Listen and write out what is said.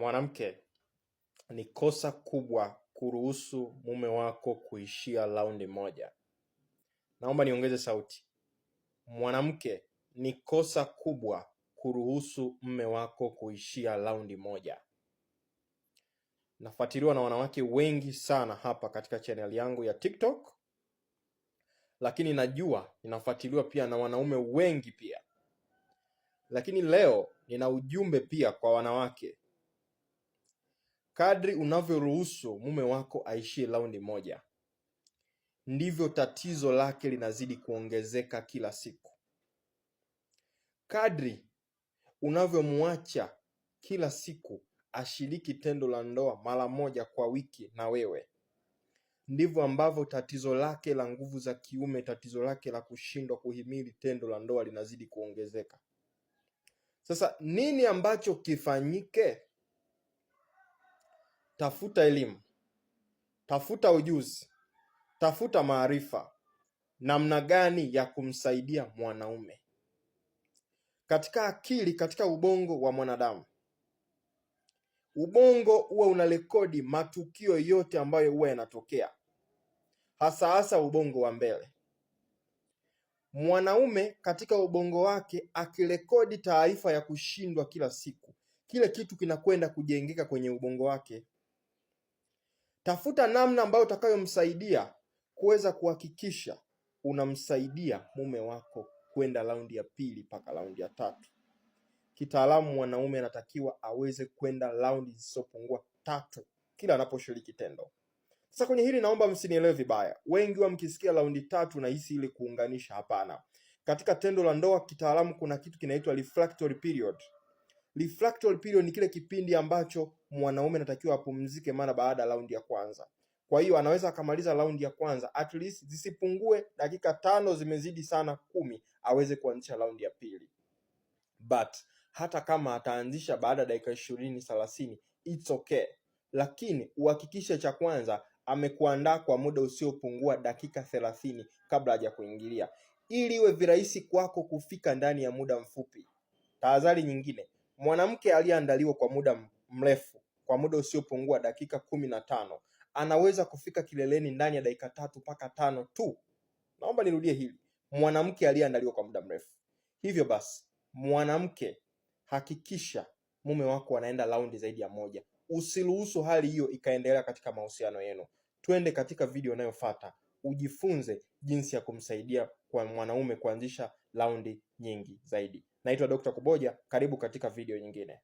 mwanamke, ni kosa kubwa kuruhusu mume wako kuishia raundi moja. Naomba niongeze sauti. Mwanamke, ni kosa kubwa kuruhusu mume wako kuishia raundi moja. Nafuatiliwa na wanawake wengi sana hapa katika chaneli yangu ya TikTok, lakini najua inafuatiliwa pia na wanaume wengi pia, lakini leo nina ujumbe pia kwa wanawake Kadri unavyoruhusu mume wako aishie raundi moja, ndivyo tatizo lake linazidi kuongezeka kila siku. Kadri unavyomwacha kila siku ashiriki tendo la ndoa mara moja kwa wiki na wewe, ndivyo ambavyo tatizo lake la nguvu za kiume, tatizo lake la kushindwa kuhimili tendo la ndoa linazidi kuongezeka. Sasa nini ambacho kifanyike? Tafuta elimu, tafuta ujuzi, tafuta maarifa, namna gani ya kumsaidia mwanaume katika akili, katika ubongo wa mwanadamu. Ubongo huwa unarekodi matukio yote ambayo huwa yanatokea, hasa hasa ubongo wa mbele. Mwanaume katika ubongo wake akirekodi taarifa ya kushindwa kila siku, kile kitu kinakwenda kujengeka kwenye ubongo wake Tafuta namna ambayo utakayomsaidia kuweza kuhakikisha unamsaidia mume wako kwenda raundi ya pili mpaka raundi ya tatu. Kitaalamu, mwanaume anatakiwa aweze kwenda raundi zisizopungua tatu kila anaposhiriki tendo. Sasa kwenye hili naomba msinielewe vibaya, wengi wa mkisikia raundi tatu nahisi ili kuunganisha. Hapana, katika tendo la ndoa kitaalamu kuna kitu kinaitwa refractory period refractory period ni kile kipindi ambacho mwanaume anatakiwa apumzike mara baada ya raundi ya kwanza. Kwa hiyo anaweza akamaliza raundi ya kwanza at least zisipungue dakika tano, zimezidi sana kumi, aweze kuanzisha raundi ya pili. But hata kama ataanzisha baada ya dakika ishirini thelathini, it's okay, lakini uhakikishe cha kwanza amekuandaa kwa muda usiopungua dakika thelathini kabla haja kuingilia, ili iwe virahisi kwako kufika ndani ya muda mfupi. Tahadhari nyingine, Mwanamke aliyeandaliwa kwa muda mrefu, kwa muda usiopungua dakika kumi na tano, anaweza kufika kileleni ndani ya dakika tatu mpaka tano tu. Naomba nirudie hili, mwanamke aliyeandaliwa kwa muda mrefu. Hivyo basi, mwanamke, hakikisha mume wako anaenda raundi zaidi ya moja. Usiruhusu hali hiyo ikaendelea katika mahusiano yenu. Twende katika video inayofuata ujifunze jinsi ya kumsaidia kwa mwanaume kuanzisha raundi nyingi zaidi. Naitwa Dr. Kuboja, karibu katika video nyingine.